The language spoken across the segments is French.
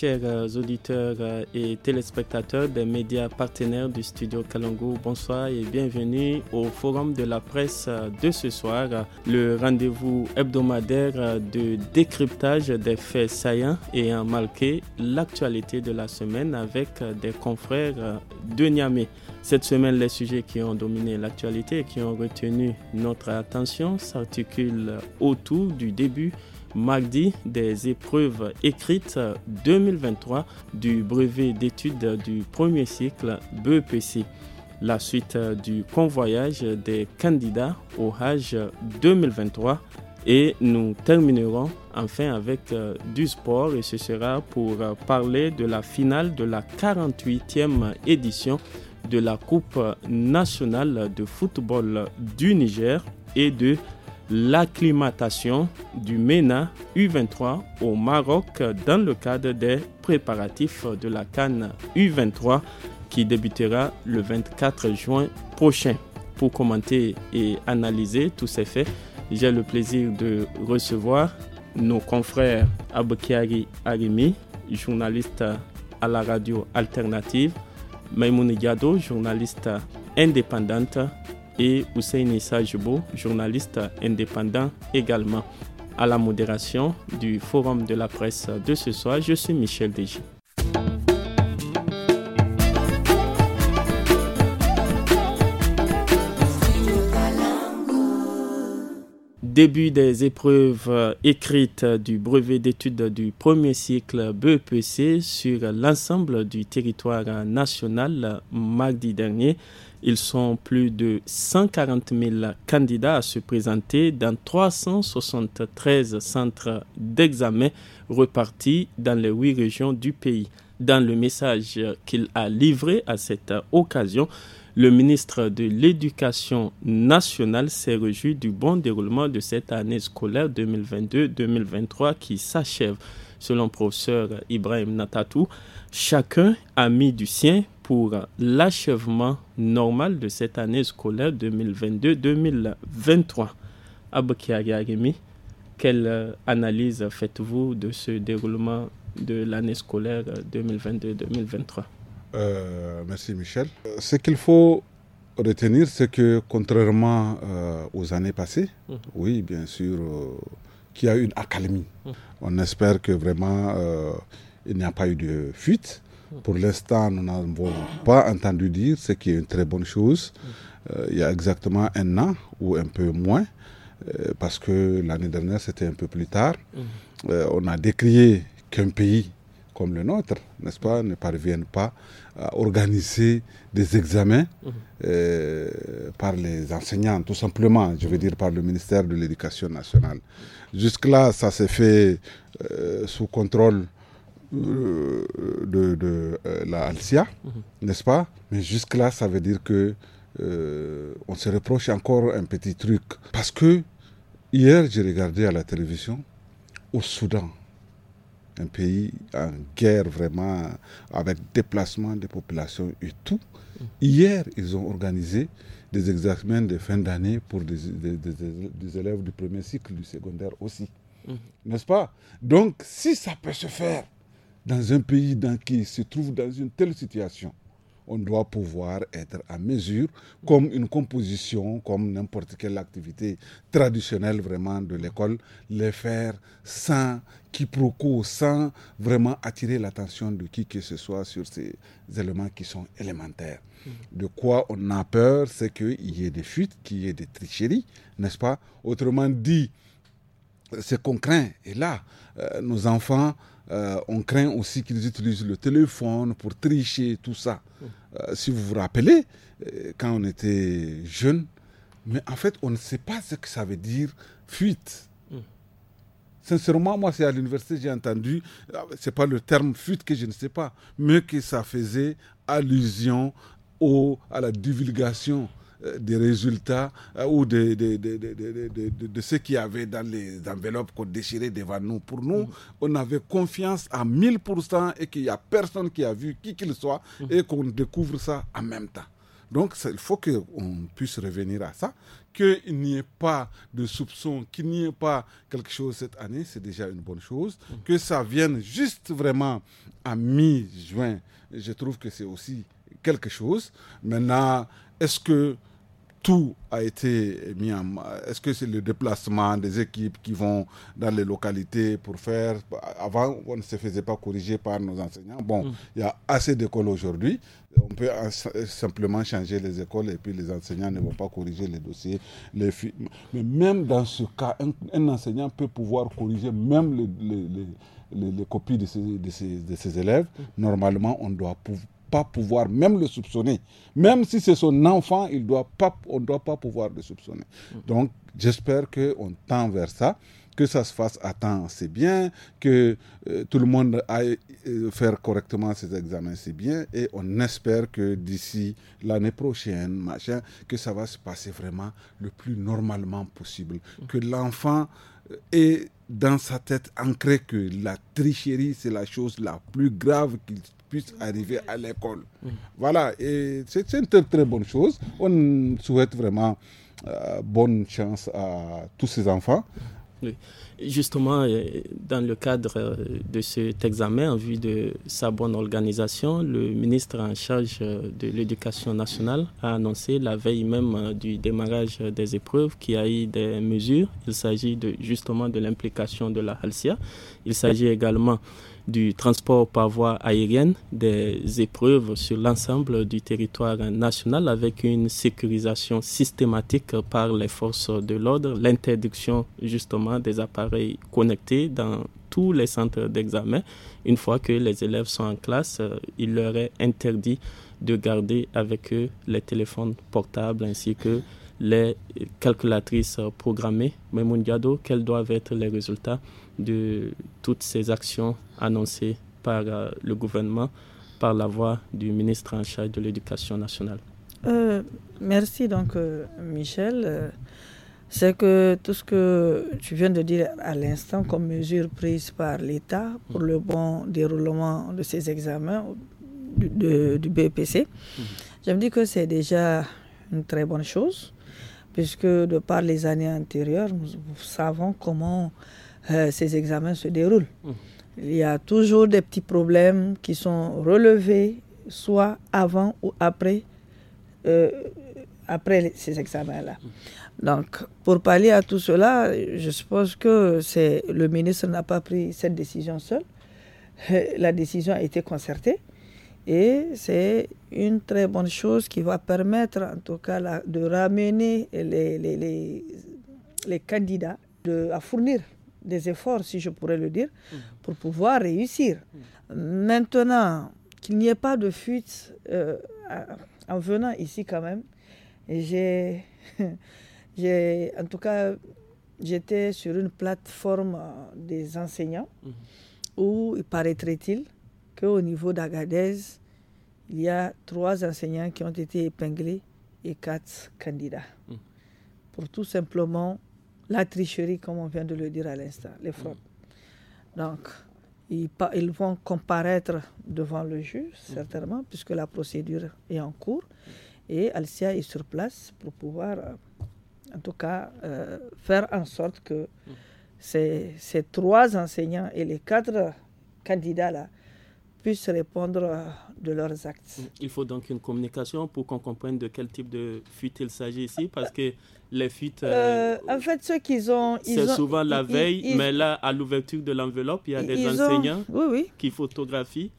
Chers euh, auditeurs euh, et téléspectateurs des médias partenaires du studio Kalongo, bonsoir et bienvenue au Forum de la presse euh, de ce soir, le rendez-vous hebdomadaire de décryptage des faits saillants et marqué l'actualité de la semaine avec des confrères de Niamey. Cette semaine, les sujets qui ont dominé l'actualité et qui ont retenu notre attention s'articulent autour du début mardi des épreuves écrites 2023 du brevet d'études du premier cycle BEPC. La suite du convoyage des candidats au HAGE 2023 et nous terminerons enfin avec euh, du sport et ce sera pour euh, parler de la finale de la 48e édition de la Coupe nationale de football du Niger et de l'acclimatation du MENA U23 au Maroc dans le cadre des préparatifs de la Cannes U23 qui débutera le 24 juin prochain. Pour commenter et analyser tous ces faits, j'ai le plaisir de recevoir nos confrères Abakiari Arimi, journaliste à la radio alternative, Maimouni Gado, journaliste indépendante, et Hussein Issa Jubo, journaliste indépendant également. À la modération du Forum de la presse de ce soir, je suis Michel Deji. début des épreuves euh, écrites du brevet d'études du premier cycle BEPC sur l'ensemble du territoire national mardi dernier. Ils sont plus de 140 000 candidats à se présenter dans 373 centres d'examen repartis dans les huit régions du pays. Dans le message qu'il a livré à cette occasion, le ministre de l'Éducation nationale s'est réjoui du bon déroulement de cette année scolaire 2022-2023 qui s'achève. Selon professeur Ibrahim Natatou, chacun a mis du sien pour l'achèvement normal de cette année scolaire 2022-2023. Abokiagagemi, quelle euh, analyse faites-vous de ce déroulement de l'année scolaire 2022-2023 euh, euh, Merci Michel. Ce qu'il faut retenir, c'est que contrairement aux années passées, mmh. oui, bien sûr, qu'il y a eu une accalmie. Mmh. On espère que vraiment il n'y a pas eu de fuite. Pour l'instant, nous n'avons pas entendu dire, ce qui est une très bonne chose. Euh, il y a exactement un an ou un peu moins, euh, parce que l'année dernière, c'était un peu plus tard. Mhm. Euh, on a décrié qu'un pays comme le nôtre, n'est-ce pas, ne parvienne pas à organiser des examens mhm. par les enseignants, tout simplement, je veux dire par le ministère de l'Éducation nationale. Jusque-là, ça s'est fait sous contrôle euh, de, euh, la Alcia, mhm. n'est-ce pas Mais jusque-là, ça veut dire que euh, on se reproche encore un petit truc. Parce que hier, j'ai regardé à la télévision au Soudan, un pays en guerre vraiment, avec déplacement des populations et tout. Mhm. Hier, ils ont organisé des examens de fin d'année pour des, élèves du premier cycle, du secondaire aussi. Mhm. N'est-ce pas Donc, si ça peut se faire, dans un pays dans qui se trouve dans une telle situation, on doit pouvoir être à mesure, comme une composition, comme n'importe quelle activité traditionnelle vraiment de l'école, les faire sans quiproquo, sans vraiment attirer l'attention de qui que ce soit sur ces éléments qui sont élémentaires. De quoi on a peur, c'est qu'il y ait des fuites, qu'il y ait des tricheries, n'est-ce pas Autrement dit, c'est qu'on craint Et là. Euh, nos enfants, euh, on craint aussi qu'ils utilisent le téléphone pour tricher, tout ça. Hmm. Euh, si vous vous rappelez, quand on était jeune, mais en fait, on ne sait pas ce que ça veut dire fuite. Hmm. Sincèrement, moi, c'est à l'université, j'ai entendu, ah, c'est pas le terme fuite que je ne sais pas, mais que ça faisait allusion au, à la divulgation euh, des résultats euh, ou de, de, de, de ce qu'il y avait dans les enveloppes qu'on déchirait devant nous. Pour nous, mm. on avait confiance à 1000% et qu'il n'y a personne qui a vu qui qu'il soit mm. et qu'on découvre ça en même temps. Donc, il faut qu'on puisse revenir à ça, qu'il n'y ait pas de soupçons, qu'il n'y ait pas quelque chose cette année, c'est déjà une bonne chose. Mm. Que ça vienne juste vraiment à mi-juin, je trouve que c'est aussi quelque chose. Maintenant, est-ce que tout a été mis en Est-ce que c'est le déplacement des équipes qui vont dans les localités pour faire Avant, on ne se faisait pas corriger par nos enseignants. Bon, mm. il y a assez d'écoles aujourd'hui. On peut simplement changer les écoles et puis les enseignants ne vont pas corriger les dossiers. Mais même dans ce cas, un, enseignant peut pouvoir corriger même les, copies de ses, de ses élèves. Mm. Normalement, on doit pouvoir pas pouvoir même le soupçonner. Même si c'est son enfant, il doit pas, on doit pas pouvoir le soupçonner. Mm-hmm. Donc, j'espère qu'on tend vers ça que ça se fasse à temps, c'est bien, que euh, tout le monde aille euh, faire correctement ses examens, c'est bien, et on espère que d'ici l'année prochaine, machin, que ça va se passer vraiment le plus normalement possible, mm-hmm. que l'enfant euh, ait dans sa tête ancré que la tricherie, c'est la chose la plus grave qu'il puissent arriver à l'école. Voilà, et c'est une très, bonne chose. On souhaite vraiment euh, bonne chance à tous ces enfants. Justement, euh, dans le cadre euh, de cet examen, en vue de sa bonne organisation, le ministre en charge de l'éducation nationale a annoncé la veille même du démarrage des épreuves qu'il y a eu des mesures. Il s'agit de, justement de l'implication de la HALCIA. Il s'agit également du transport par voie aérienne des épreuves sur l'ensemble du territoire national avec une sécurisation systématique par les forces de l'ordre, l'interdiction justement des appareils connectés dans tous les centres d'examen. Une fois que les élèves sont en classe, euh, il leur est interdit de garder avec eux les téléphones portables ainsi que les calculatrices programmées, mais Mundiado, quels doivent être les résultats de toutes ces actions annoncées par euh, le gouvernement par la voix du ministre en charge de l'Éducation nationale. Euh, merci donc euh, Michel. C'est que tout ce que tu viens de dire à l'instant comme mesure prise par l'État pour le bon déroulement de ces examens du, de, BPC, e mmh. je me dis que c'est déjà une très bonne chose puisque de par les années antérieures, nous, savons comment euh, ces examens se déroulent. Mmh. Il y a toujours des petits problèmes qui sont relevés, soit avant ou après, euh, après ces examens-là. Mmh. Donc, pour pallier à tout cela, je suppose que le ministre n'a pas pris cette décision seul. Euh, la décision a été concertée. Et c'est une très bonne chose qui va permettre en tout cas de ramener les, candidats de, à fournir des efforts, si je pourrais le dire, mm. pour pouvoir réussir. Mm. Maintenant, qu'il n'y ait pas de fuite euh, en venant ici quand même, j'ai, en tout cas, j'étais sur une plateforme euh, des enseignants mm. où, paraîtrait-il, au niveau d'Agadez, il y a trois enseignants qui ont été épinglés et quatre candidats. Hmm. Pour tout simplement la tricherie, comme on vient de le dire à l'instant, les fraudes. Hmm. Donc, ils, ils, vont comparaître devant le juge, hmm. certainement, puisque la procédure est en cours. Et Alcia est sur place pour pouvoir, euh, en tout cas, euh, faire en sorte que ces, trois enseignants et les quatre candidats-là puissent répondre de leurs actes. Il faut donc une communication pour qu'on comprenne de quel type de fuite il s'agit ici, parce que les fuites... Euh, euh, en fait, ceux qu'ils ont... C'est souvent la veille, mais là, à l'ouverture de l'enveloppe, il y a des enseignants qui photographient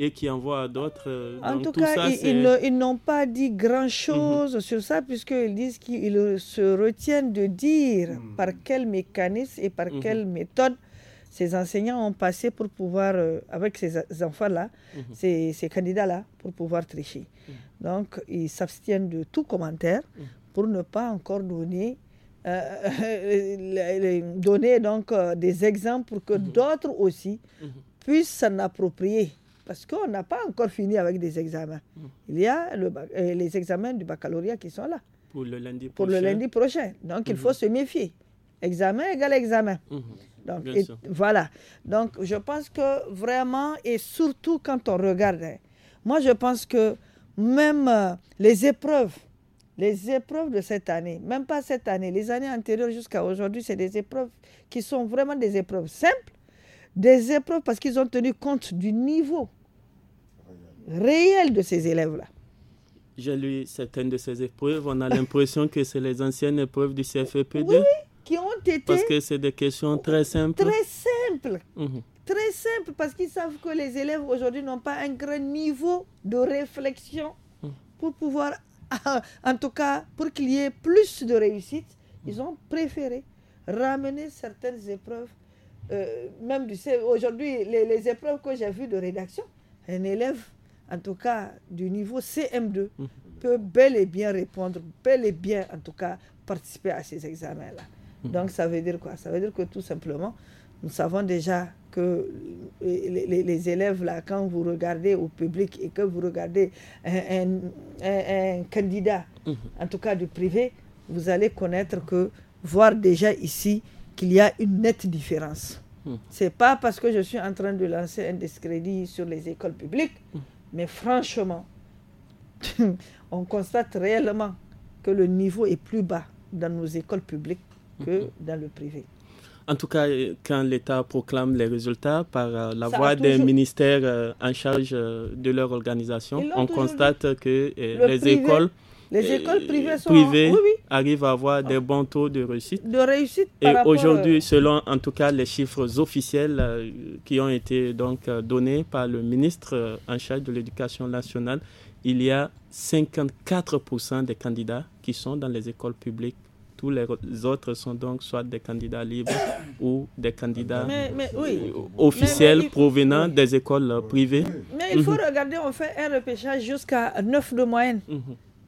et qui envoient à d'autres. Euh, en tout, cas, ils, n'ont pas dit grand-chose mhm. sur ça, puisqu'ils disent qu'ils se retiennent de dire mhm. par quel mécanisme et par mhm. quelle méthode ces enseignants ont passé pour pouvoir, euh, avec ces enfants-là, mhm. ces, candidats-là, pour pouvoir tricher. Mhm. Donc, ils s'abstiennent de tout commentaire mhm. pour ne pas encore donner, euh, donner donc, euh, des exemples pour que d'autres aussi puissent s'en approprier. Parce qu'on n'a pas encore fini avec des examens. Il y a les examens du baccalauréat qui sont là. Pour le lundi prochain. Pour le lundi prochain. Donc, il faut se méfier. Examen égale examen. Donc, Voilà. Donc, je pense que vraiment, et surtout quand on regarde, moi, je pense que même euh, les épreuves, les épreuves de cette année, même pas cette année, les années antérieures jusqu'à aujourd'hui, c'est des épreuves qui sont vraiment des épreuves simples, des épreuves parce qu'ils ont tenu compte du niveau réel de ces élèves-là. J'ai lu certaines de ces épreuves. On a l'impression que c'est les anciennes épreuves du cfep Oui, oui ont été... Parce que c'est des questions très simples. Très simples. Mhm. Très simples parce qu'ils savent que les élèves aujourd'hui n'ont pas un grand niveau de réflexion mhm. pour pouvoir, en tout cas, pour qu'il y ait plus de réussite. Mhm. Ils ont préféré ramener certaines épreuves. Euh, même du e, aujourd'hui, les, épreuves que j'ai vues de rédaction, un élève, en tout cas du niveau CM2, peut bel et bien répondre, bel et bien, en tout cas, participer à ces examens-là. Mhm. Donc ça veut dire quoi Ça veut dire que tout simplement, nous savons déjà que les, élèves, là, quand vous regardez au public et que vous regardez un, candidat, mhm. en tout cas du privé, vous allez connaître que, voir déjà ici, qu'il y a une nette différence. Mhm. Ce n'est pas parce que je suis en train de lancer un discrédit sur les écoles publiques, mais franchement, on constate réellement que le niveau est plus bas dans nos écoles publiques que dans le privé. En tout cas, euh, quand l'État proclame les résultats par euh, la voix des ministères euh, en charge de leur organisation, on constate que les écoles... Les privées, arrivent à avoir des bons taux de réussite. De réussite Et aujourd'hui, selon en tout cas les chiffres officiels qui ont été donc donnés par le ministre en charge de l'éducation nationale, il y a 54% des candidats qui sont dans les écoles publiques tous les autres sont donc soit des candidats libres ou des candidats officiels provenant des écoles euh, privées. Mais il faut mhm. regarder, on fait un repêchage jusqu'à 9 de moyenne.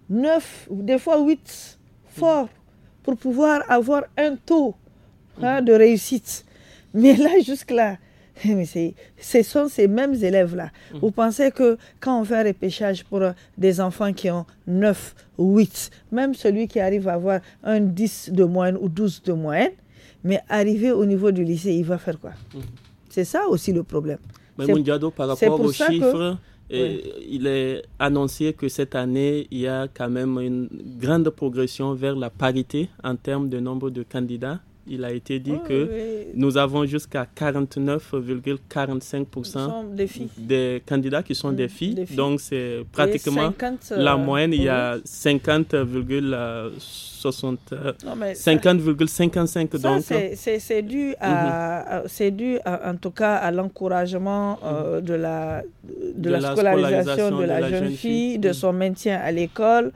9, mhm. des fois 8 forts pour pouvoir avoir un taux hein, de réussite. Mais là, jusque-là, ce sont ces mêmes élèves-là. Mhm. Vous pensez que quand on fait un repêchage pour euh, des enfants qui ont 9, 8, même celui qui arrive à avoir un 10 de moyenne ou 12 de moyenne, mais arrivé au niveau du lycée, il va faire quoi mhm. C'est ça aussi le problème. Mais Mundiado, par rapport aux chiffres, il est annoncé que cette année, il y a quand même une grande progression vers la parité en termes de nombre de candidats il a été dit que nous avons jusqu'à 49,45% des, candidats qui sont mmh, des, filles. Donc c'est pratiquement euh, la moyenne, il y a 50,60 50,55 euh, euh, donc c'est dû mmh. dû en tout cas à l'encouragement mmh. de la la, scolarisation, de, la, jeune, fille, de son maintien à l'école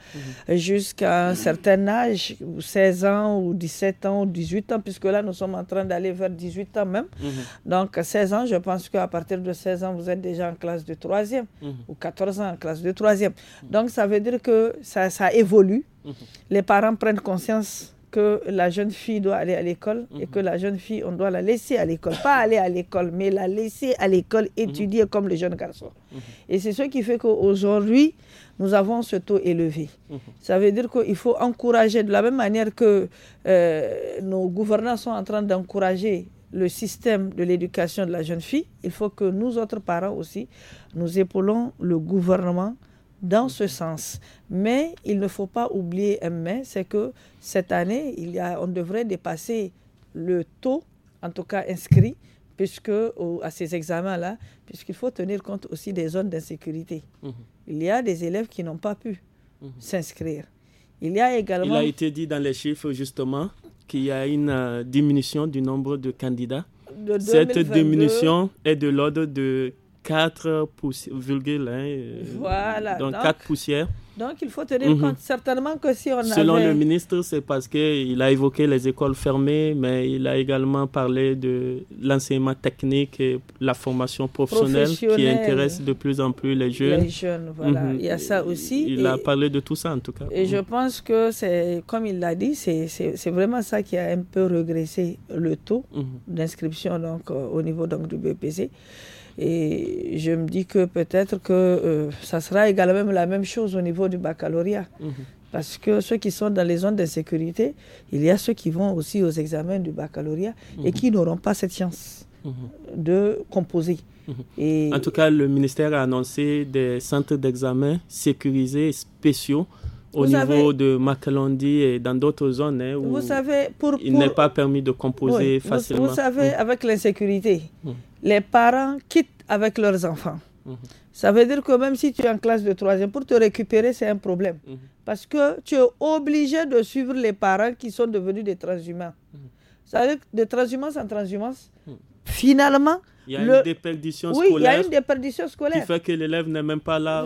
jusqu'à un certain âge, 16 ans ou 17 ans ou 18 ans puisque là, nous sommes en train d'aller vers 18 ans même. Mhm. Donc, 16 ans, je pense qu'à partir de 16 ans, vous êtes déjà en classe de 3e, mhm. ou 14 ans en classe de 3e. Donc, ça veut dire que ça, évolue. Mhm. Les parents prennent conscience que la jeune fille doit aller à l'école et que la jeune fille, on doit la laisser à l'école. Pas aller à l'école, mais la laisser à l'école étudier comme les jeunes garçons. Et c'est ce qui fait qu'aujourd'hui, nous avons ce taux élevé. Mhm. Ça veut dire qu'il faut encourager, de la même manière que euh, nos gouvernants sont en train d'encourager le système de l'éducation de la jeune fille, il faut que nous autres parents aussi, nous épaulons le gouvernement dans ce mhm. sens. Mais il ne faut pas oublier un mais, c'est que cette année, il y a, on devrait dépasser le taux, en tout cas inscrit, puisque à ces examens-là, puisqu'il faut tenir compte aussi des zones d'insécurité. Mhm. Il y a des élèves qui n'ont pas pu mhm. s'inscrire. Il y a également. Il a été dit dans les chiffres, justement, qu'il y a une euh, diminution du nombre de candidats. Cette diminution est de l'ordre de 4 poussières, euh, voilà, donc 4 poussières. Donc il faut tenir mhm. compte certainement que si on Selon le ministre, c'est parce qu'il a évoqué les écoles fermées, mais il a également parlé de l'enseignement technique et la formation professionnelle, qui intéresse de plus en plus les jeunes. Les jeunes, voilà. Mhm. Il y a ça aussi. Il a parlé de tout ça en tout cas. Et je mhm. pense que c'est, comme il l'a dit, c'est vraiment ça qui a un peu regressé le taux d'inscription donc, euh, au niveau donc, du BPC. Et je me dis que peut-être que euh, ça sera également la même chose au niveau du baccalauréat. Mhm. Parce que ceux qui sont dans les zones d'insécurité, il y a ceux qui vont aussi aux examens du baccalauréat et mhm. qui n'auront pas cette chance mhm. de composer. Et en tout cas, le ministère a annoncé des centres d'examen sécurisés spéciaux au niveau de Makalondi et dans d'autres zones hein, où vous savez, pour, il n'est pas permis de composer facilement. Vous, savez, avec l'insécurité, les parents quittent avec leurs enfants. Mm-hmm. Ça veut dire que même si tu es en classe de troisième, pour te récupérer, c'est un problème. Mm-hmm. Parce que tu es obligé de suivre les parents qui sont devenus des transhumains. Mm-hmm. Ça veut dire que de transhumance en mm. transhumance, finalement, il y a une déperdition oui, scolaire. il y a une déperdition scolaire. Qui fait que l'élève n'est même pas là.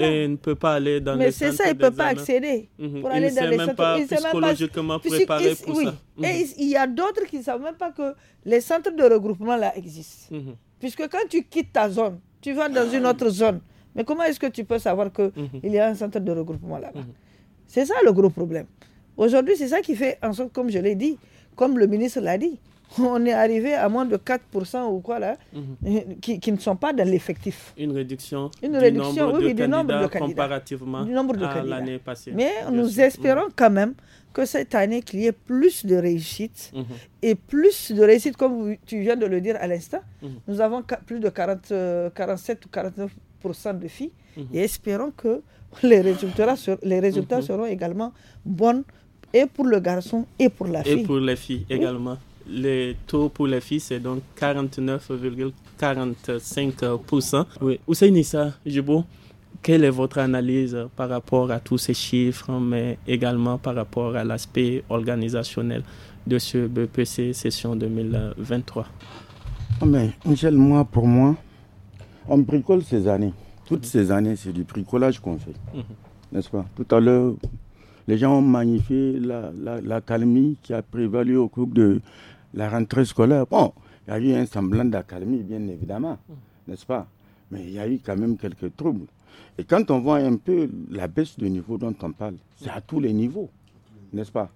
Et ne peut pas aller dans les centres. Mais c'est ça, il ne peut pas accéder. Mhm. Pour il aller dans les même centres. pas il psychologiquement pas... préparé pour ça. Mhm. Et il y a d'autres qui ne savent même pas que les centres de regroupement là existent. Mhm. Puisque quand tu quittes ta zone, tu vas dans une autre zone. Mais comment est-ce que tu peux savoir qu'il y a un centre de regroupement là-bas C'est ça le gros problème. Aujourd'hui, c'est ça qui fait en sorte, comme je l'ai dit, comme le ministre l'a dit, on est arrivé à moins de 4% ou quoi là, mhm. euh, qui, ne sont pas dans l'effectif. Une réduction, Une du nombre de du, nombre de candidats comparativement à l'année passée. Mais nous espérons quand même que cette année, qu'il y ait plus de réussite mhm. et plus de réussite, comme tu viens de le dire à l'instant. Mhm. Nous avons plus de 40, 47 euh, ou 49% de filles et espérons que les résultats, les résultats seront également bons et pour le garçon et pour la fille. Et pour les filles également le taux pour les filles, c'est donc 49,45%. Oui. Hussein quelle est votre analyse par rapport à tous ces chiffres, mais également par rapport à l'aspect organisationnel de ce BPC session 2023 mais, Michel, moi, pour moi, on bricole ces années. Toutes mm-hmm. ces années, c'est du bricolage qu'on fait. Mm-hmm. N'est-ce pas Tout à l'heure, les gens ont magnifié la, la, la calmie qui a prévalu au cours de, la rentrée scolaire, bon, il y a eu un semblant d'accalmie, bien évidemment, n'est-ce pas Mais il y a eu quand même quelques troubles. Et quand on voit un peu la baisse de niveau dont on parle, c'est à tous les niveaux, n'est-ce pas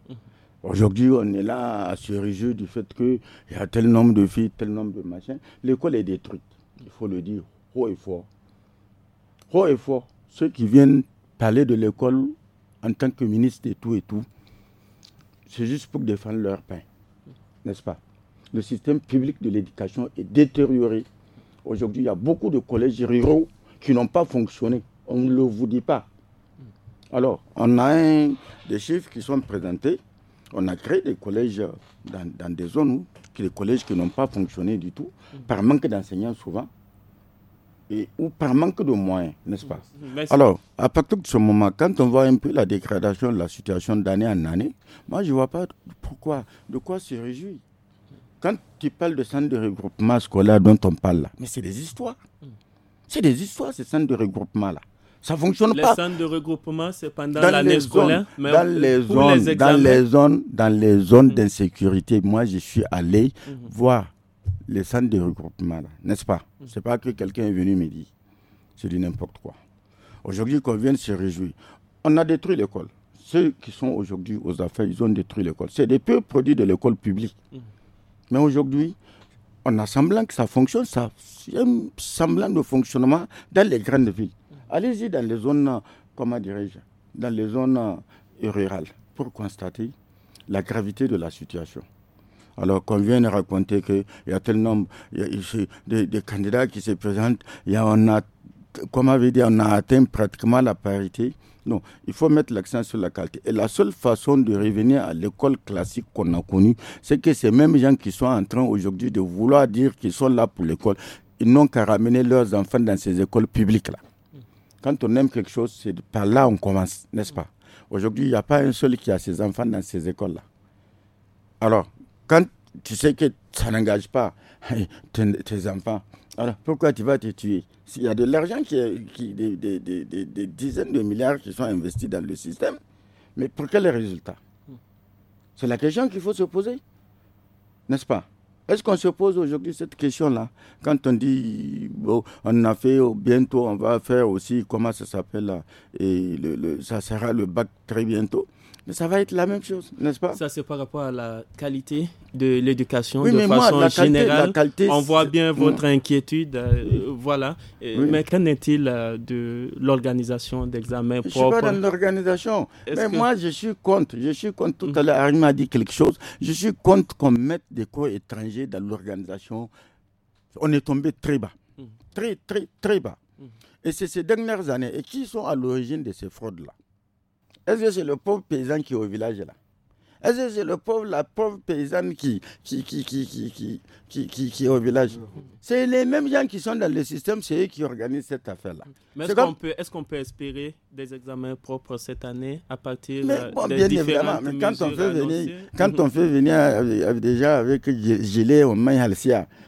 Aujourd'hui, on est là à se réjouir du fait qu'il y a tel nombre de filles, tel nombre de machins. L'école est détruite, il faut le dire, haut et fort. Haut et fort. Ceux qui viennent parler de l'école en tant que ministre et tout et tout, c'est juste pour défendre leur pain n'est-ce pas Le système public de l'éducation est détérioré. Aujourd'hui, il y a beaucoup de collèges ruraux qui n'ont pas fonctionné. On ne le vous dit pas. Alors, on a un, des chiffres qui sont présentés. On a créé des collèges dans, dans des zones où les collèges qui n'ont pas fonctionné du tout, par manque d'enseignants souvent ou par manque de moyens, n'est-ce pas mm-hmm. Alors, à partir de ce moment, quand on voit un peu la dégradation de la situation d'année en année, moi, je ne vois pas pourquoi, de quoi se réjouir. Quand tu parles de centres de regroupement scolaire dont on parle là, mais c'est des histoires. Mm. C'est des histoires, ces centres de regroupement là. Ça fonctionne pas. Les centres de regroupement, c'est pendant l'année scolaire. dans, les zones, dans les zones, dans les zones d'insécurité, moi, je suis allé mm-hmm. voir les centres de regroupement, n'est-ce pas mm. Ce n'est pas que quelqu'un est venu me dire. C'est du n'importe quoi. Aujourd'hui, qu'on vienne se réjouir. On a détruit l'école. Ceux qui sont aujourd'hui aux affaires, ils ont détruit l'école. C'est des peu produits de l'école publique. Mm. Mais aujourd'hui, on a semblant que ça fonctionne, ça un semblant de fonctionnement dans les grandes villes. Mm. Allez-y dans les zones, comment dirais-je, dans les zones euh, rurales pour constater la gravité de la situation. Alors qu'on vient de raconter qu'il y a tel nombre de, candidats qui se présentent, y on a, comme avait dit, on a atteint pratiquement la parité. Non, il faut mettre l'accent sur la qualité. Et la seule façon de revenir à l'école classique qu'on a connue, c'est que ces mêmes gens qui sont en train aujourd'hui de vouloir dire qu'ils sont là pour l'école, ils n'ont qu'à ramener leurs enfants dans ces écoles publiques-là. Quand on aime quelque chose, c'est par là on commence, n'est-ce pas Aujourd'hui, il n'y a pas un seul qui a ses enfants dans ces écoles-là. Alors, quand tu sais que ça n'engage pas tes, enfants, alors pourquoi tu vas te tuer S'il y a de l'argent, qui, des, dizaines de milliards qui sont investis dans le système, mais pour quel résultat C'est la question qu'il faut se poser, n'est-ce pas est-ce qu'on se pose aujourd'hui cette question-là Quand on dit, on a fait, oh, bientôt on va faire aussi, comment ça s'appelle, et le, ça sera le bac très bientôt mais ça va être la même chose, n'est-ce pas Ça, c'est par rapport à la qualité de l'éducation de façon générale. on voit bien mm. votre inquiétude, euh, voilà. Euh, oui. Mais qu'en est-il euh, de l'organisation d'examen propres Je ne suis pas dans l'organisation. Mais moi, je suis contre. Je suis contre. Tout mm. à l'heure, Arim a dit quelque chose. Je suis contre qu'on mette des cours étrangers dans l'organisation. On est tombé très bas. Mm. Très, très, très bas. Et c'est ces dernières années. Et qui sont à l'origine de ces fraudes-là est-ce que c'est le pauvre paysan qui est au village là Est-ce que c'est le pauvre, la pauvre paysanne qui, qui, est au village C'est les mêmes gens qui sont dans le système, c'est eux qui organisent cette affaire-là. Mais est-ce qu'on peut, est qu'on peut espérer des examens propres cette année à partir euh, des bien mais quand on fait venir, quand on fait venir déjà avec gilet au main mmh.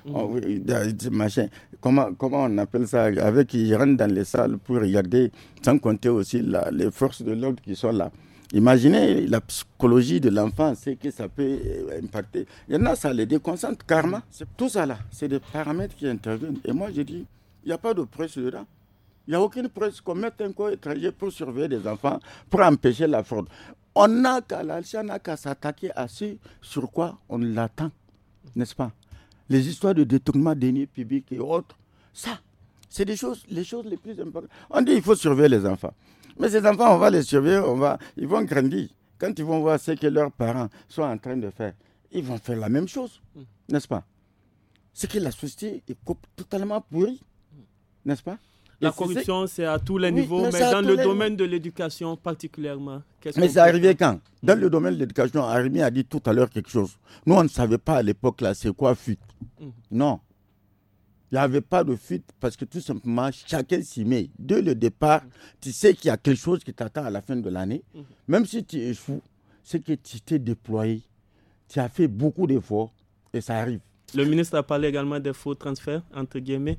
euh, euh, machin, comment, on appelle ça, avec qui rentrent dans les salles pour regarder, sans compter aussi les forces de l'ordre qui sont là. Imaginez la psychologie de l'enfant, c'est que ça peut euh, impacter. Il y en a, ça les déconcentre, karma, c'est tout ça là. C'est des paramètres qui interviennent. Et moi, je dis, il n'y a pas de presse dedans. Il n'y a aucune presse qu'on mette un corps étranger pour surveiller des enfants, pour empêcher la fraude. On n'a qu'à, n'a qu'à s'attaquer à ce sur quoi on l'attend, n'est-ce pas les histoires de détournement d'énigmes publics et autres, ça, c'est des choses, les choses les plus importantes. On dit il faut surveiller les enfants. Mais ces enfants, on va les surveiller, on va, ils vont grandir. Quand ils vont voir ce que leurs parents sont en train de faire, ils vont faire la même chose, mm. n'est-ce pas C'est que la société est totalement pourrie, n'est-ce pas la corruption, c'est à tous les niveaux, mais, dans le domaine de l'éducation particulièrement. Mais c'est arrivé quand Dans le domaine de l'éducation, Arimi a dit tout à l'heure quelque chose. Nous, on ne savait pas à l'époque, là, c'est quoi fuite. Mm. Non. Il n'y avait pas de fuite parce que tout simplement, chacun s'y met. Dès le départ, mm. tu sais qu'il y a quelque chose qui t'attend à la fin de l'année. Mm. Même si tu échoues, c'est que tu t'es déployé, tu as fait beaucoup d'efforts et ça arrive. Le ministre a parlé également des faux transferts, entre guillemets.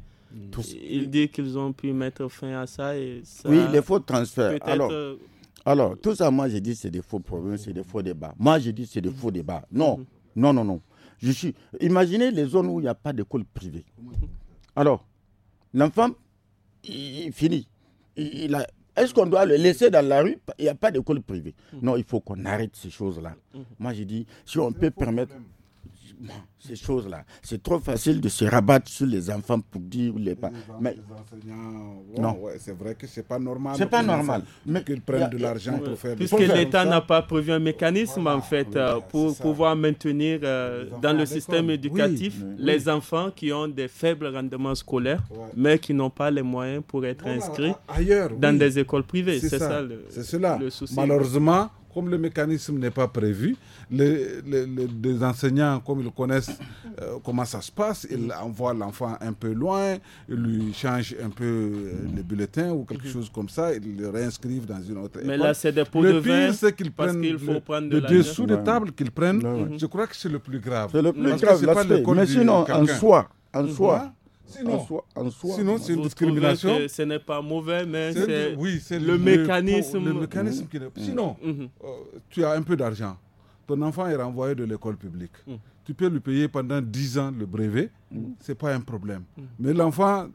Il dit qu'ils ont pu mettre fin à ça. Et ça oui, les faux transferts. Alors, euh, alors, tout ça, moi, j'ai dit c'est des faux problèmes, c'est des faux débats. Moi, j'ai dit c'est des faux débats. Non, mhm. non, non, non. Je suis... Imaginez les zones où il n'y a pas d'école privée. Alors, l'enfant, il, finit. Il, Est-ce qu'on doit le laisser dans la rue Il n'y a pas d'école privée. Mhm. Non, il faut qu'on arrête ces choses-là. Mhm. Moi, j'ai dit, si on peut permettre ces choses-là. C'est trop facile de se rabattre sur les enfants pour dire les pas. Mais non, c'est vrai que c'est pas normal. C'est pas normal. Mais qu'ils prennent de l'argent pour faire. Puisque l'État n'a pas prévu un mécanisme en fait euh, pour pouvoir maintenir euh, dans le système éducatif les enfants qui ont des faibles rendements scolaires, mais qui n'ont pas les moyens pour être inscrits ailleurs, dans des écoles privées. C'est ça, le, cela. le souci. Malheureusement, comme le mécanisme n'est pas prévu, les, les, enseignants, comme ils connaissent euh, comment ça se passe, ils envoient l'enfant un peu loin, ils lui changent un peu euh, les le bulletin ou quelque chose comme ça, ils le réinscrivent dans une autre école. Mais là, c'est des pots le de pire, c'est qu'ils prennent faut prendre de le dessous de table qu'ils prennent. Je crois que c'est le plus grave. C'est le plus grave. Pas Mais sinon, en soi, en soi Sinon, en c'est une discrimination. ce n'est pas mauvais, mais c'est le, mécanisme. Le mécanisme mm. sinon, mm. Mm-hmm. Euh, tu as un peu d'argent. Ton enfant est renvoyé de l'école publique. Mm. Tu peux lui payer pendant 10 ans le brevet. Ce n'est pas un problème. Mais l'enfant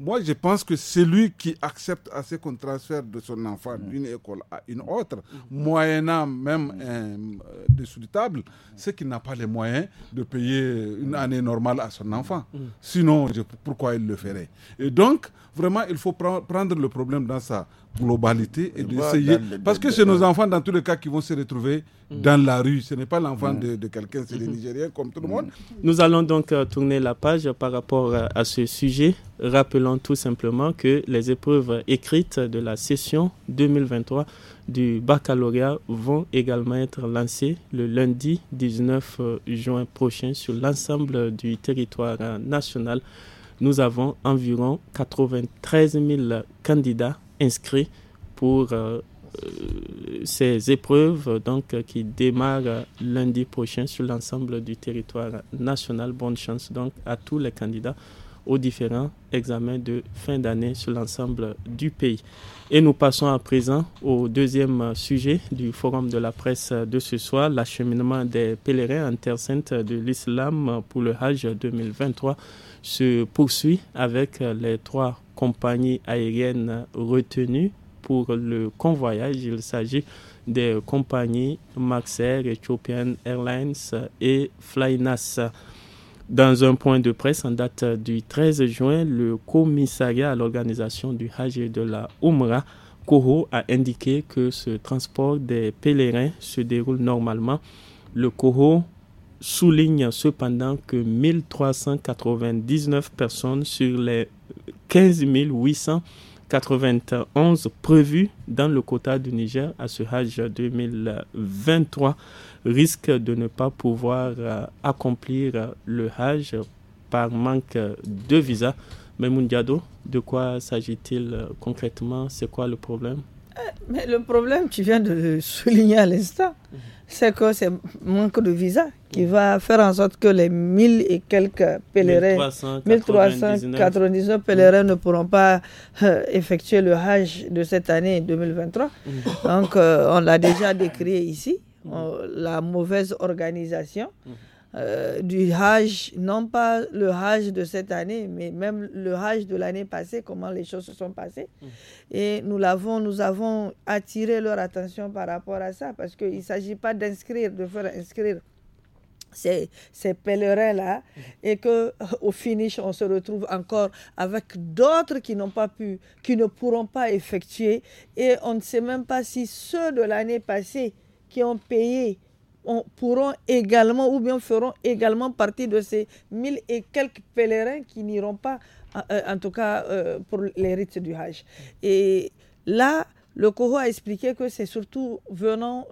moi, je pense que celui qui accepte assez qu'on transfère de son enfant mm. d'une école à une autre, mm. moyennant même un mm. euh, table, c'est qu'il n'a pas les moyens de payer une année normale à son enfant. Sinon, pourquoi il le ferait Et donc, vraiment, il faut prendre le problème dans sa globalité et d'essayer. Parce que c'est nos enfants, dans tous les cas, qui vont se retrouver mm. dans la rue. Ce n'est pas l'enfant mm. de, quelqu'un, c'est les mm-hmm. Nigériens comme tout le mm. monde. Nous allons donc euh, tourner la page par rapport à, euh, à ce sujet. Rappelons tout simplement que les épreuves écrites de la session 2023 du baccalauréat vont également être lancées le lundi 19 euh, juin prochain sur l'ensemble du territoire national. Nous avons environ 93 000 candidats inscrits pour euh, euh, ces épreuves donc, euh, qui démarrent lundi prochain sur l'ensemble du territoire national. Bonne chance donc à tous les candidats aux différents examens de fin d'année sur l'ensemble du pays. Et nous passons à présent au deuxième sujet du forum de la presse de ce soir, l'acheminement des pèlerins en terre sainte de l'islam pour le Hajj 2023 se poursuit avec les trois compagnies aériennes retenues pour le convoyage. Il s'agit des compagnies Maxair, Ethiopian Airlines et Flynas. Dans un point de presse en date du 13 juin, le commissariat à l'organisation du Hajj de la Umrah, Koho, a indiqué que ce transport des pèlerins se déroule normalement. Le Koho souligne cependant que 1399 personnes sur les 15 891 prévus dans le quota du Niger à ce Hajj 2023 risquent de ne pas pouvoir euh, accomplir euh, le Hajj par manque de visa. Mais Mundiado, de quoi s'agit-il euh, concrètement C'est quoi le problème mais le problème, tu viens de souligner à l'instant, c'est que c'est manque de visa qui va faire en sorte que les 1000 et quelques pèlerins, 1399 pèlerins ne pourront pas euh, effectuer le Hajj de cette année 2023. Mm. Donc, euh, on l'a déjà décrit ici, la mauvaise organisation. Mm. Euh, du Hajj, non pas le Hajj de cette année, mais même le Hajj de l'année passée, comment les choses se sont passées. Mm. Et nous, l'avons, nous avons attiré leur attention par rapport à ça, parce qu'il ne s'agit pas d'inscrire, de faire inscrire ces, ces pèlerins-là, mm. et que euh, au finish, on se retrouve encore avec d'autres qui n'ont pas pu, qui ne pourront pas effectuer, et on ne sait même pas si ceux de l'année passée qui ont payé pourront également ou bien feront également partie de ces mille et quelques pèlerins qui n'iront pas, euh, euh, en tout cas euh, pour les rites du Hajj. Et là, le COHO a expliqué que c'est surtout venant,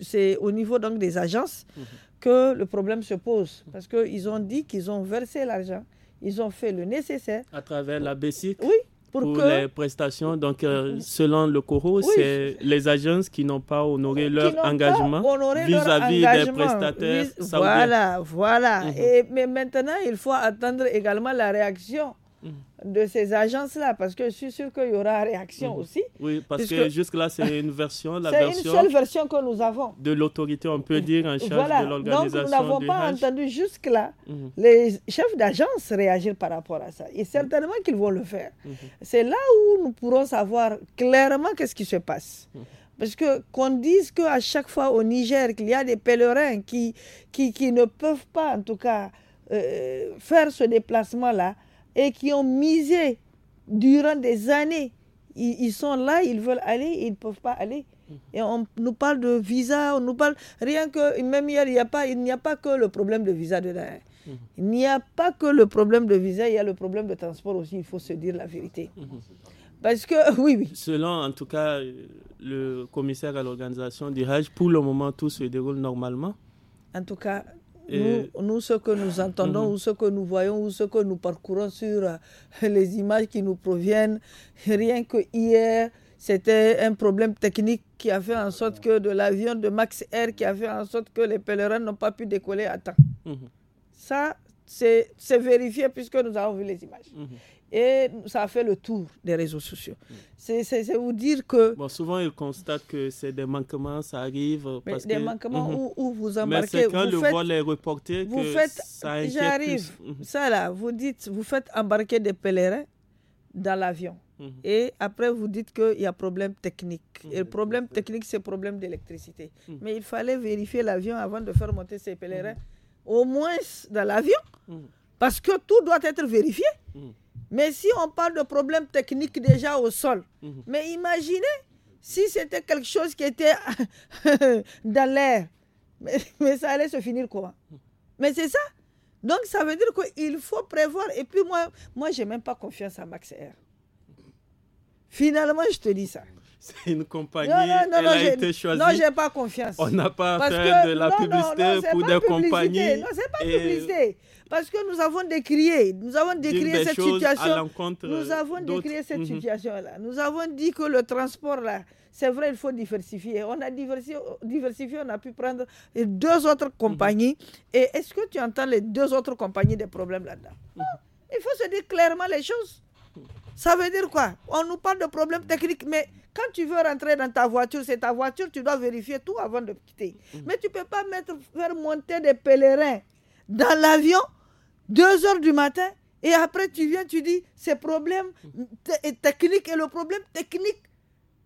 c'est au niveau donc des agences mhm. que le problème se pose. Parce qu'ils ont dit qu'ils ont versé l'argent, ils ont fait le nécessaire. À travers la BESIC Oui, pour, les prestations. Donc, euh, selon le Coro, c'est les agences qui n'ont pas honoré leur engagement vis-à-vis des prestataires. Voilà, voilà. Mhm. mais maintenant, il faut attendre également la réaction Mm. de ces agences-là, parce que je suis sûr qu'il y aura réaction mm. aussi. Oui, parce que jusque-là, c'est une version, la C'est une seule version que nous avons. De l'autorité, on peut dire, en charge de l'organisation Donc, nous n'avons pas entendu jusque-là mm-hmm. les chefs d'agence réagir par rapport à ça. Et certainement qu'ils vont le faire. Mm-hmm. C'est là où nous pourrons savoir clairement qu'est-ce qui se passe. Mm-hmm. Parce que qu'on dise qu'à chaque fois au Niger, qu'il y a des pèlerins qui, qui, ne peuvent pas, en tout cas, euh, faire ce déplacement-là, et qui ont misé durant des années. Ils, sont là, ils veulent aller, ils ne peuvent pas aller. Mhm. Et on nous parle de visa, on nous parle rien que, même hier, il n'y a, pas, il n'y a pas que le problème de visa de hein. mhm. Il n'y a pas que le problème de visa, il y a le problème de transport aussi, il faut se dire la vérité. Mhm. Parce que, oui, oui. Selon, en tout cas, le commissaire à l'organisation du Hajj, pour le moment, tout se déroule normalement. En tout cas, nous, ce que nous entendons, mhm. ou ce que nous voyons, ou ce que nous parcourons sur euh, les images qui nous proviennent, rien que hier, c'était un problème technique qui a fait en sorte que de l'avion de Max Air qui a fait en sorte que les pèlerins n'ont pas pu décoller à temps. Mhm. Ça, c'est vérifié puisque nous avons vu les images. Mhm et ça a fait le tour des réseaux sociaux. Mm. C'est vous dire que... Bon, souvent, ils constatent que c'est des manquements, ça arrive. Parce des manquements mhm. où, vous embarquez. Mais c'est quand vous le faites, est reporté que vous faites, ça J'arrive. Mhm. Ça, là, vous dites, vous faites embarquer des pèlerins dans l'avion. Mhm. Et après, vous dites qu'il y a problème technique. Et le problème technique, c'est problème d'électricité. Mais il fallait vérifier l'avion avant de faire monter ces pèlerins, au moins dans l'avion, parce que tout doit être vérifié. Mais si on parle de problèmes techniques déjà au sol, mhm. mais imaginez si c'était quelque chose qui était dans l'air, mais, ça allait se finir quoi Mais c'est ça. Donc ça veut dire qu'il faut prévoir. Et puis moi, moi je n'ai même pas confiance à Max Finalement, je te dis ça. C'est une compagnie, elle a été choisie. Non, j'ai pas confiance. On n'a pas fait de la publicité pour des compagnies. Non, pas publicité. Parce que nous avons décrié, nous avons décrié cette situation. Nous avons décrié cette situation-là. Nous avons dit que le transport, là, c'est vrai, il faut diversifier. On a diversifié, on a pu prendre deux autres mhm. compagnies. Et est-ce que tu entends les deux autres compagnies des problèmes là-dedans mhm. ah, Il faut se dire clairement les choses. Ça veut dire quoi On nous parle de problèmes techniques, mais quand tu veux rentrer dans ta voiture, c'est ta voiture, tu dois vérifier tout avant de quitter. Mhm. Mais tu ne peux pas mettre, faire monter des pèlerins dans l'avion 2 heures du matin, et après tu viens, tu dis, c'est problème technique, et le problème technique,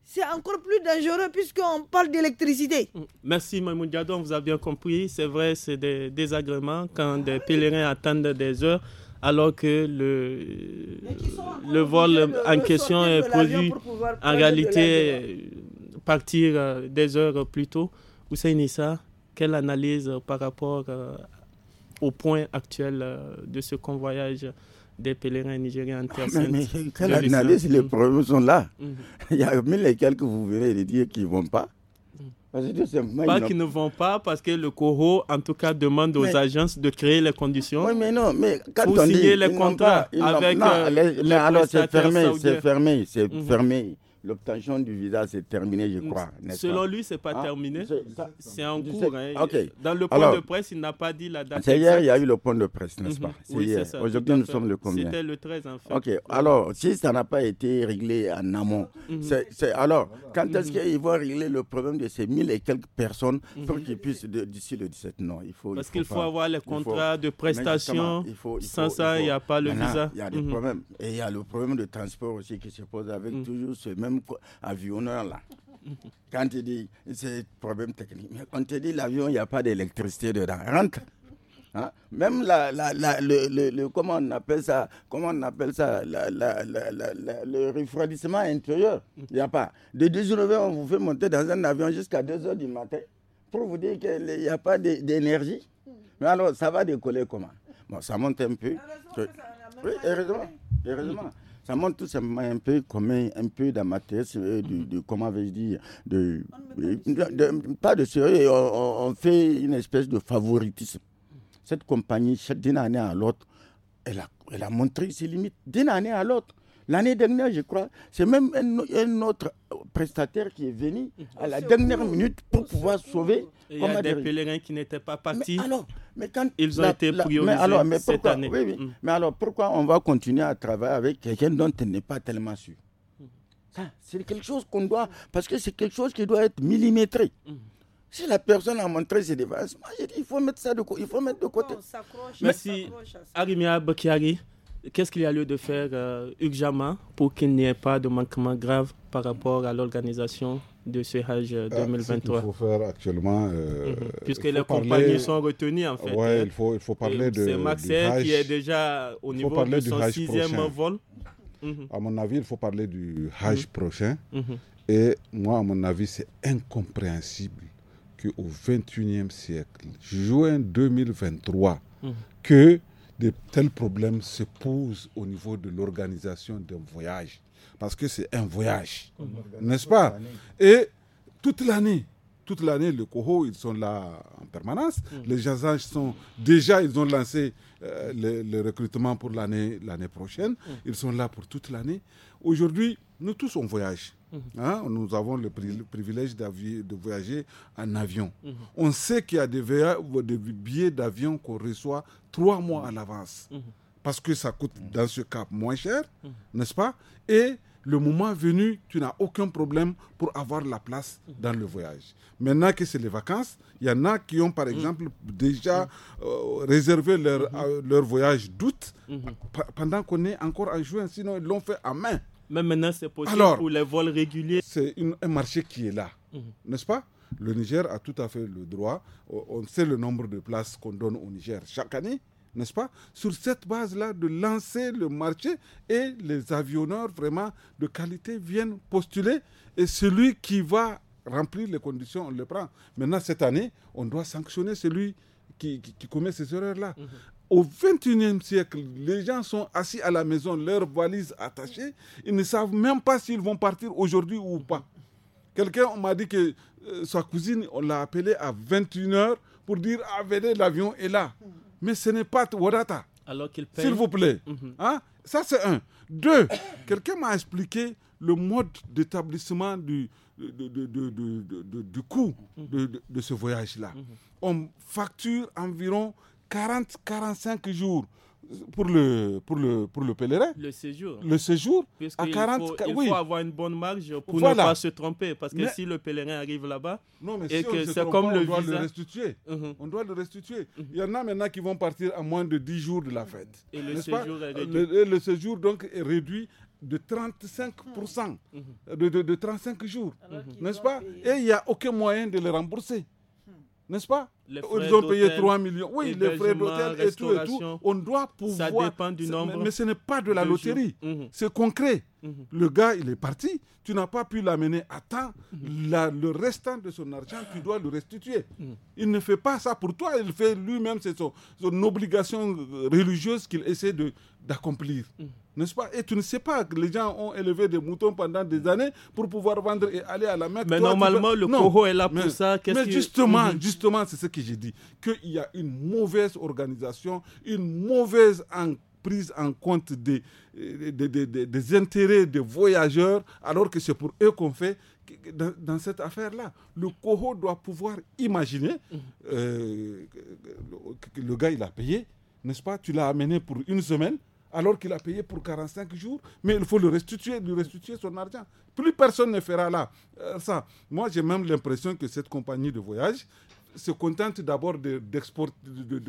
c'est encore plus dangereux puisqu'on parle d'électricité. Merci Mamoun vous avez bien compris. C'est vrai, c'est des désagréments quand des pèlerins attendent des heures alors que le, le vol en question est produit, en réalité partir euh, des heures plus tôt. Hussein ça, quelle analyse par rapport à euh, au point actuel euh, de ce convoyage des pèlerins nigériens en terre ah, les problèmes sont là. Mhm. Il y a mille et quelques, vous verrez, les dire qu'ils ne vont pas. Mhm. pas qu'ils ne vont pas, parce que le COHO, en tout cas, demande aux agences de créer les conditions. mais non, mais pour signer les contrats avec. Euh, alors c'est fermé, c'est fermé, c'est mhm. fermé l'obtention du visa, c'est terminé, je crois. Mm, selon pas? lui, c'est pas hein? terminé. C'est en cours. Hein. Dans le point de presse, il n'a pas dit la date. C'est hier, il y a eu le point de presse, n'est-ce mhm. pas C'est hier. Aujourd'hui, nous sommes le combien C'était le 13, en fait. Ok. Alors, si ça n'a pas été réglé en amont, mhm. alors, quand est-ce mhm. qu'il va régler le problème de ces mille et quelques personnes pour qu'ils puissent, d'ici le 17 Non, il faut. Parce qu'il faut, avoir les contrats de prestation. Sans ça, il n'y a pas le visa. Il y a des problèmes. Et il y a le problème de transport aussi qui se pose avec toujours ce même avionneur là. Quand tu dis c'est problème technique, mais on te dit l'avion, il n'y a pas d'électricité dedans. Rentre. Hein? Même la, la, le, le, comment on appelle ça, comment on appelle ça, le refroidissement intérieur, il n'y a pas. De 19h, on vous fait monter dans un avion jusqu'à 2h du matin pour vous dire qu'il n'y a pas d'énergie. Mais alors, ça va décoller comment Bon, ça monte un peu. Oui, heureusement. heureusement. Ça montre tout simplement un peu comme un peu de, euh, de, mhm. comment vais-je dire, de, pas de sérieux, on, fait une espèce de favoritisme. Cette compagnie, d'une année à l'autre, elle elle a montré ses limites d'une année à l'autre. L'année dernière, je crois, c'est même un, autre prestataire qui est venu à la dernière minute pour pouvoir sauver. Il y a des pèlerins qui n'étaient pas partis. Mais alors, mais quand ils ont été priorisés cette année. Mm. Mais alors, pourquoi on va continuer à travailler avec quelqu'un dont on n'est pas tellement sûr mm. C'est quelque chose qu'on doit, parce que c'est quelque chose qui doit être millimétré. Mm. Si la personne a montré ses devances, il faut mettre ça de, il faut mettre de côté. Merci, Arimia Qu'est-ce qu'il y a lieu de faire euh, pour qu'il n'y ait pas de manquement grave par rapport à l'organisation de ce Hajj 2023 euh, ah, Il faut faire actuellement. Euh, mhm. Puisque les compagnies sont retenues, en fait. Oui, hein. il, faut, parler de. C'est Max qui est déjà au niveau de son sixième vol. Mhm. Mhm. À mon avis, il faut parler du Hajj prochain. Et moi, à mon avis, c'est incompréhensible qu'au 21e siècle, juin 2023, que de tels problèmes se posent au niveau de l'organisation d'un voyage. Parce que c'est un voyage, n'est-ce pas Et toute l'année, toute l'année, le Coho, ils sont là en permanence. Mm. Les Jazanges sont déjà, ils ont lancé euh, le, recrutement pour l'année prochaine. Mm. Ils sont là pour toute l'année. Aujourd'hui, nous tous, on voyage. Mhm. Hein, nous avons le privilège de voyager en avion. Mhm. On sait qu'il y a des, billets d'avion qu'on reçoit trois mois mhm. à l'avance. Parce que ça coûte, dans ce cas, moins cher, n'est-ce pas Et le moment venu, tu n'as aucun problème pour avoir la place dans le voyage. Maintenant que c'est les vacances, il y en a qui ont par exemple déjà euh, réservé leur, euh, leur voyage d'août pendant qu'on est encore en juin, sinon ils l'ont fait à main. Mais maintenant, c'est possible pour les vols réguliers. C'est un marché qui est là, mhm. n'est-ce pas Le Niger a tout à fait le droit. On sait le nombre de places qu'on donne au Niger chaque année, n'est-ce pas Sur cette base-là, de lancer le marché et les avionneurs vraiment de qualité viennent postuler et celui qui va remplir les conditions, on le prend. Maintenant, cette année, on doit sanctionner celui qui, commet ces erreurs-là. Mhm. Au e siècle, les gens sont assis à la maison, leurs valises attachées. Ils ne savent même pas s'ils vont partir aujourd'hui ou pas. Quelqu'un m'a dit que euh, sa cousine, on l'a appelé à 21h pour dire Ah, venez, l'avion est là. Mais ce n'est pas Wadata. Alors qu'il paye. S'il vous plaît. Mhm. Hein? Ça, c'est un. Deux, quelqu'un m'a expliqué le mode d'établissement du, de, coût de, ce voyage-là. Mhm. On facture environ 40, 45 jours pour le, pour le, pour le pèlerin. Le séjour. Le séjour. à 40, il, avoir une bonne marge pour ne pas se tromper. Parce que si le pèlerin arrive là-bas, et que c'est comme mhm. on doit le restituer. On doit le restituer. Il y en a maintenant qui vont partir à moins de 10 jours de la fête. Et le séjour est réduit. Le, séjour donc est réduit de 35%, mhm. de, de, 35 jours, n'est-ce pas Et il n'y a aucun moyen de le rembourser. N'est-ce pas Ils ont payé 3 millions. Oui, les frais d'hôtel et tout et tout. On doit pouvoir. Ça dépend du nombre. Mais, ce n'est pas de la loterie. Mhm. C'est concret. Mhm. Le gars, il est parti. Tu n'as pas pu l'amener à temps. Mhm. le restant de son argent, tu dois le restituer. Il ne fait pas ça pour toi. Il fait lui-même, c'est son, son, obligation religieuse qu'il essaie d'accomplir. N'est-ce pas Et tu ne sais pas que les gens ont élevé des moutons pendant des années pour pouvoir vendre et aller à la mer Mais normalement, le coho est là pour ça. Mais justement, justement, c'est ce que j'ai dit. Qu'il y a une mauvaise organisation, une mauvaise prise en compte des, des, intérêts des voyageurs, alors que c'est pour eux qu'on fait dans, cette affaire-là. Le coho doit pouvoir imaginer mhm. euh, que le gars, il a payé, n'est-ce pas Tu l'as amené pour une semaine alors qu'il a payé pour 45 jours, mais il faut le restituer, lui restituer son argent. Plus personne ne fera là euh, ça. Moi, j'ai même l'impression que cette compagnie de voyage se contente d'abord de,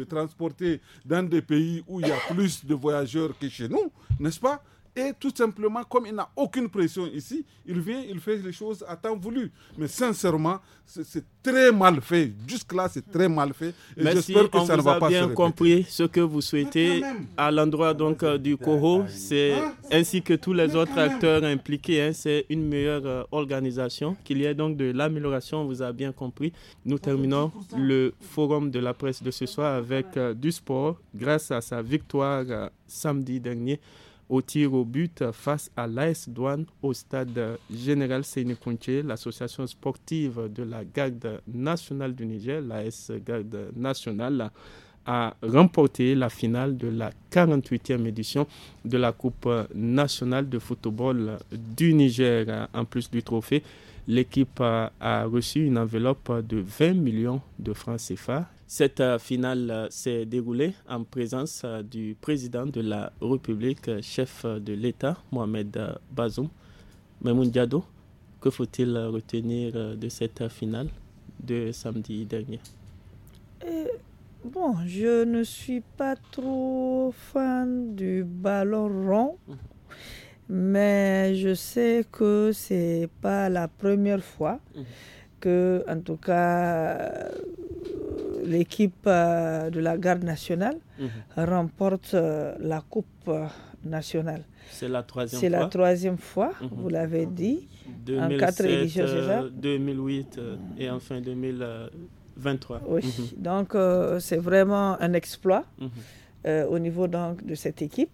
transporter dans des pays où il y a plus de voyageurs que chez nous, n'est-ce pas et tout simplement, comme il n'a aucune pression ici, il vient, il fait les choses à temps voulu. Mais sincèrement, c'est très mal fait. Jusque-là, c'est très mal fait. Et j'espère que ça ne va a bien compris ce que vous souhaitez à l'endroit donc euh, du COHO, c'est hein? ainsi que tous les autres acteurs impliqués, hein. c'est une meilleure euh, organisation, qu'il y ait donc de l'amélioration, on vous a bien compris. Nous terminons le forum de la presse de ce soir avec euh, du sport grâce à sa victoire samedi dernier au tir au but face à l'AS Douane au stade Général Sénécounché. L'association sportive de la garde nationale du Niger, l'AS Garde nationale, a remporté la finale de la 48e édition de la Coupe nationale de football du Niger. En plus du trophée, L'équipe a reçu une enveloppe de 20 millions de francs CFA. Cette euh, finale euh, s'est déroulée en présence euh, du président de la République, chef de l'État, Mohamed Bazoum. Memoun que faut-il retenir de cette finale de samedi dernier Bon, je ne suis pas trop fan du ballon rond. Mmh. Mais je sais que c'est pas la première fois mhm. que, en tout cas, euh, l'équipe euh, de la garde nationale mhm. remporte euh, la Coupe nationale. C'est la troisième fois. C'est la troisième fois, mhm. vous l'avez dit. en quatre 2008 et enfin 2023. Oui, donc c'est vraiment un exploit au niveau donc, de cette équipe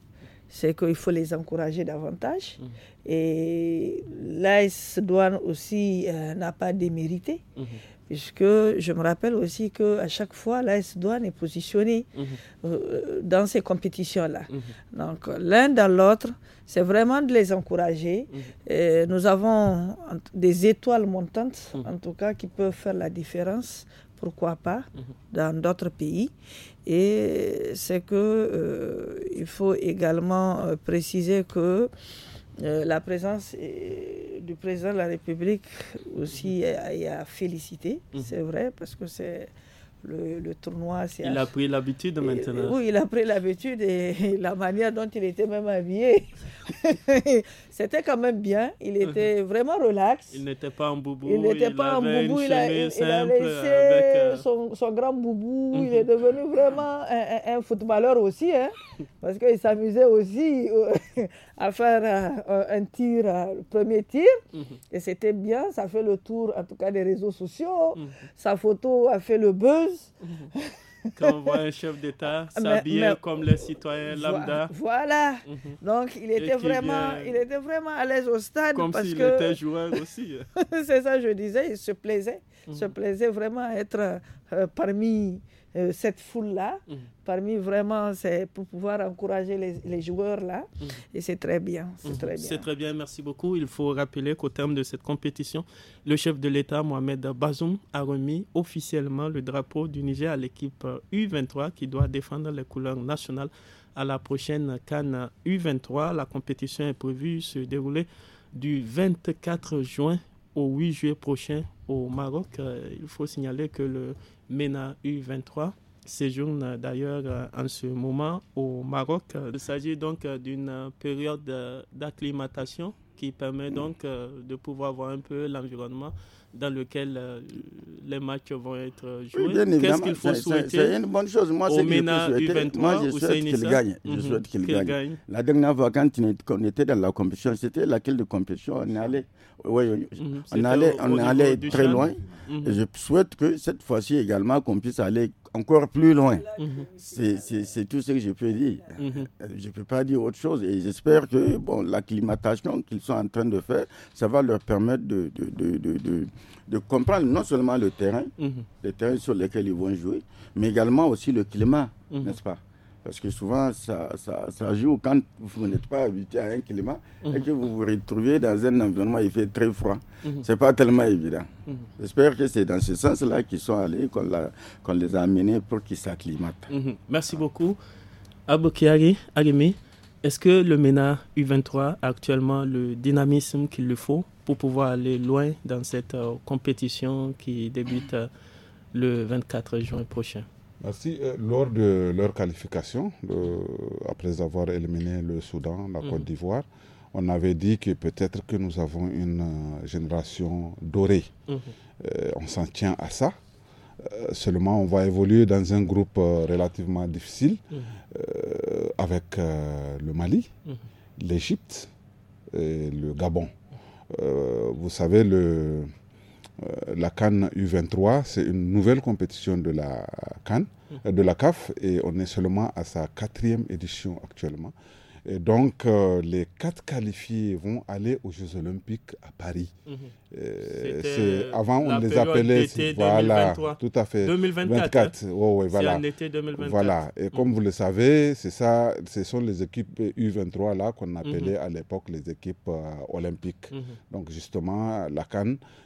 c'est qu'il faut les encourager davantage. Mm. Et l'AS Douane aussi euh, n'a pas démérité, mm-hmm. puisque je me rappelle aussi qu'à chaque fois, l'AS Douane est positionnée mm-hmm. euh, dans ces compétitions-là. Mm-hmm. Donc l'un dans l'autre, c'est vraiment de les encourager. nous avons des étoiles montantes, en tout cas, qui peuvent faire la différence, pourquoi pas, dans d'autres pays. Et c'est que euh, il faut également euh, préciser que euh, la présence du président de la République aussi est, à féliciter, c'est vrai, parce que c'est le, le tournoi. Il a pris l'habitude maintenant. oui, il a pris l'habitude et, la manière dont il était même habillé. C'était quand même bien. Il mhm. était vraiment relax. Il n'était pas un boubou. Il n'était pas un boubou. Il a, il a laissé avec... Euh, son, grand boubou. Il mhm. est devenu vraiment un, footballeur aussi. Hein, parce qu'il s'amusait aussi euh, à faire euh, un tir, le premier tir. Mhm. Et c'était bien. Ça fait le tour, en tout cas, des réseaux sociaux. Sa photo a fait le buzz. Quand on voit un chef d'État ah, s'habiller comme le citoyen lambda. Voilà. Mhm. Donc il était vraiment, il était vraiment à l'aise au stade comme parce était joueur aussi. C'est ça, je disais, il se plaisait, mhm. se plaisait vraiment à être euh, parmi euh, cette foule-là, mhm. parmi vraiment, c'est pour pouvoir encourager les, joueurs-là. Mhm. Et c'est très bien. C'est mhm. très bien. C'est très bien, merci beaucoup. Il faut rappeler qu'au terme de cette compétition, le chef de l'État, Mohamed Bazoum, a remis officiellement le drapeau du Niger à l'équipe U23 euh, qui doit défendre les couleurs nationales à la prochaine Cannes U23. La compétition est prévue se dérouler du 24 juin au 8 juillet prochain au Maroc. Euh, il faut signaler que le MENA U23 séjourne euh, d'ailleurs euh, en ce moment au Maroc. Il s'agit donc d'une période d'acclimatation qui permet donc euh, de pouvoir voir un peu l'environnement dans lequel euh, les matchs vont être joués. Qu'est-ce qu'il faut souhaiter C'est une bonne chose. Moi, c'est du 23, moi, je souhaite qu'il gagne. Je mhm. souhaite qu'il gagne. La dernière fois, quand on était dans la compétition, c'était laquelle de compétition On est allé, mhm. on allait, on allait très loin. Mhm. je souhaite que cette fois-ci également, qu'on puisse aller encore plus loin. Mhm. C'est tout ce que je peux dire. Mhm. Euh, je ne peux pas dire autre chose. Et j'espère que bon, l'acclimatation qu'ils sont en train de faire, ça va leur permettre de, de, de comprendre non seulement le terrain, mhm. le terrain sur lequel ils vont jouer, mais également aussi le climat, n'est-ce pas parce que souvent, ça, ça, ça joue quand vous n'êtes pas habitué à un climat et mhm. que vous vous retrouvez dans un environnement il fait très froid. Mhm. c'est Ce n'est pas tellement évident. Mhm. J'espère que c'est dans ce sens-là qu'ils sont allés, qu'on les a amenés pour qu'ils s'acclimatent. Merci beaucoup. Abokiari, Arimi, est-ce que le MENA U23 a actuellement le dynamisme qu'il le faut pour pouvoir aller loin dans cette euh, compétition qui débute euh, le 24 juin prochain Merci. Euh, lors de leur qualification, euh, après avoir éliminé le Soudan, la mhm. Côte d'Ivoire, on avait dit que peut-être que nous avons une euh, génération dorée. Mhm. on s'en tient à ça. seulement, on va évoluer dans un groupe relativement difficile mhm. avec le Mali, l'Égypte et le Gabon. vous savez, le, euh, la Cannes U23, c'est une nouvelle compétition de la Cannes, euh, de la CAF, et on est seulement à sa quatrième édition actuellement. Et donc, euh, les quatre qualifiés vont aller aux Jeux Olympiques à Paris. Mhm. Euh, avant, on les appelait. Voilà, tout à fait. 2024. 24, hein. ouais, voilà. été 2024. Voilà. Et comme mm. vous le savez, c'est ça, ce sont les équipes U23 là qu'on appelait mm-hmm. à l'époque les équipes euh, olympiques. Mm-hmm. Donc, justement, la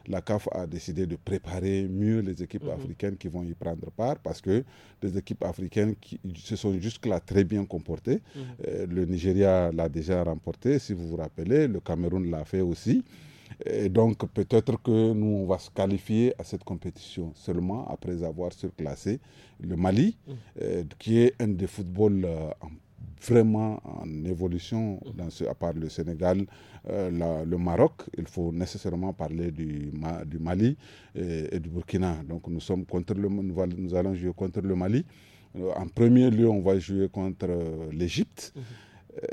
la CAF a décidé de préparer mieux les équipes mm-hmm. africaines qui vont y prendre part parce que les équipes africaines qui se sont jusque-là très bien comportées. Euh, le Nigeria l'a déjà remporté, si vous vous rappelez. Le Cameroun l'a fait aussi. Et donc peut-être que nous, on va se qualifier à cette compétition seulement après avoir surclassé le Mali, mm. euh, qui est un des footballs euh, vraiment en évolution, mm. à part le Sénégal, euh, le Maroc. Il faut nécessairement parler du, du Mali et, du Burkina. Donc nous, sommes contre le, nous allons jouer contre le Mali. En premier lieu, on va jouer contre l'Égypte. Mm-hmm.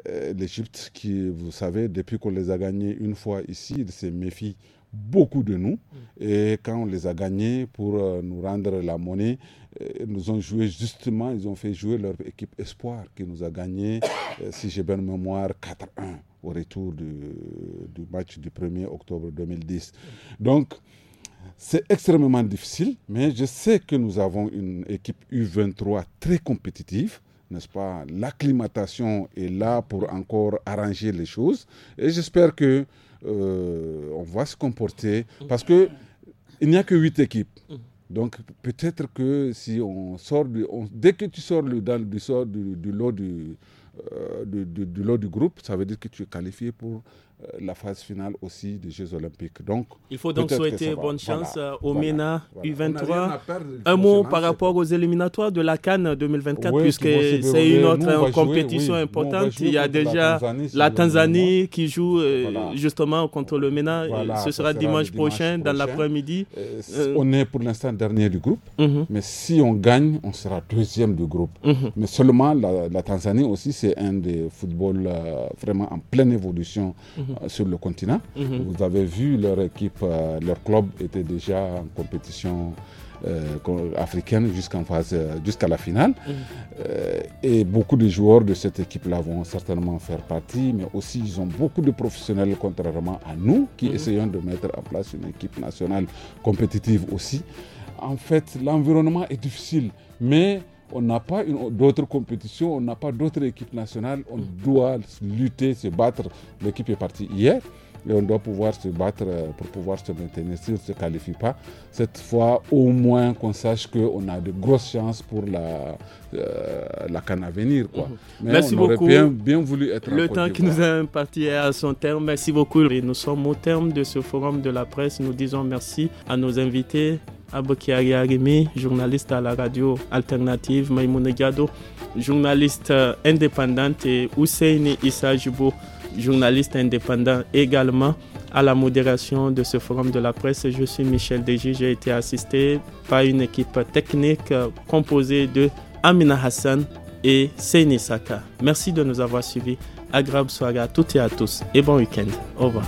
Euh, l'Égypte, qui, vous savez, depuis qu'on les a gagnés une fois ici, ils se méfient beaucoup de nous. Mm. Et quand on les a gagnés pour euh, nous rendre la monnaie, euh, ils nous ont joué justement, ils ont fait jouer leur équipe Espoir qui nous a gagné, si j'ai bonne mémoire, 4-1 au retour du, match du 1er octobre 2010. Mm. Donc, c'est extrêmement difficile, mais je sais que nous avons une équipe U23 très compétitive n'est-ce pas, l'acclimatation est là pour encore arranger les choses. Et j'espère que euh, on va se comporter parce que il n'y a que huit équipes. Donc peut-être que si on sort, du, dès que tu sors le, dans, du, sort du, lot euh, du, du, lot du groupe, ça veut dire que tu es qualifié pour euh, la phase finale aussi des Jeux Olympiques. Donc, Il faut donc souhaiter bonne chance euh, au MENA U23. Un mot par rapport aux éliminatoires de la Cannes 2024, puisque c'est une autre compétition importante. Il y a déjà la Tanzanie, qui joue euh, justement contre le MENA. Ce sera, dimanche, prochain, dans l'après-midi. on est pour l'instant dernier du groupe, mhm. mais si on gagne, on sera deuxième du groupe. Mhm. Mais seulement la, Tanzanie aussi, c'est un des footballs vraiment en pleine évolution. Mhm. Euh, sur le continent. Mhm. Vous avez vu leur équipe, euh, leur club était déjà en compétition euh, africaine jusqu'en phase jusqu'à la finale. Mhm. et beaucoup de joueurs de cette équipe-là vont certainement faire partie, mais aussi ils ont beaucoup de professionnels, contrairement à nous, qui mhm. essayons de mettre en place une équipe nationale compétitive aussi. En fait, l'environnement est difficile, mais on n'a pas d'autres compétitions, on n'a pas d'autres équipes nationales, on doit lutter, se battre. L'équipe est partie hier et on doit pouvoir se battre euh, pour pouvoir se maintenir. Si on ne se qualifie pas, cette fois, au moins qu'on sache qu'on a de grosses chances pour la, euh, la canne à venir. Mhm. Merci beaucoup. Bien, voulu être Le temps qui nous a imparti est à son terme. Merci beaucoup. Et nous sommes au terme de ce forum de la presse. Nous disons merci à nos invités. Abokiari Arimi, journaliste à la radio alternative, Maïmou journaliste euh, indépendante, et Hussein Issa journaliste indépendant également à la modération de ce forum de la presse. Je suis Michel Deji, j'ai été assisté par une équipe technique euh, composée de Amina Hassan et Seini Saka. Merci de nous avoir suivis. Agrab soirée à toutes et à tous et bon week-end. Au revoir.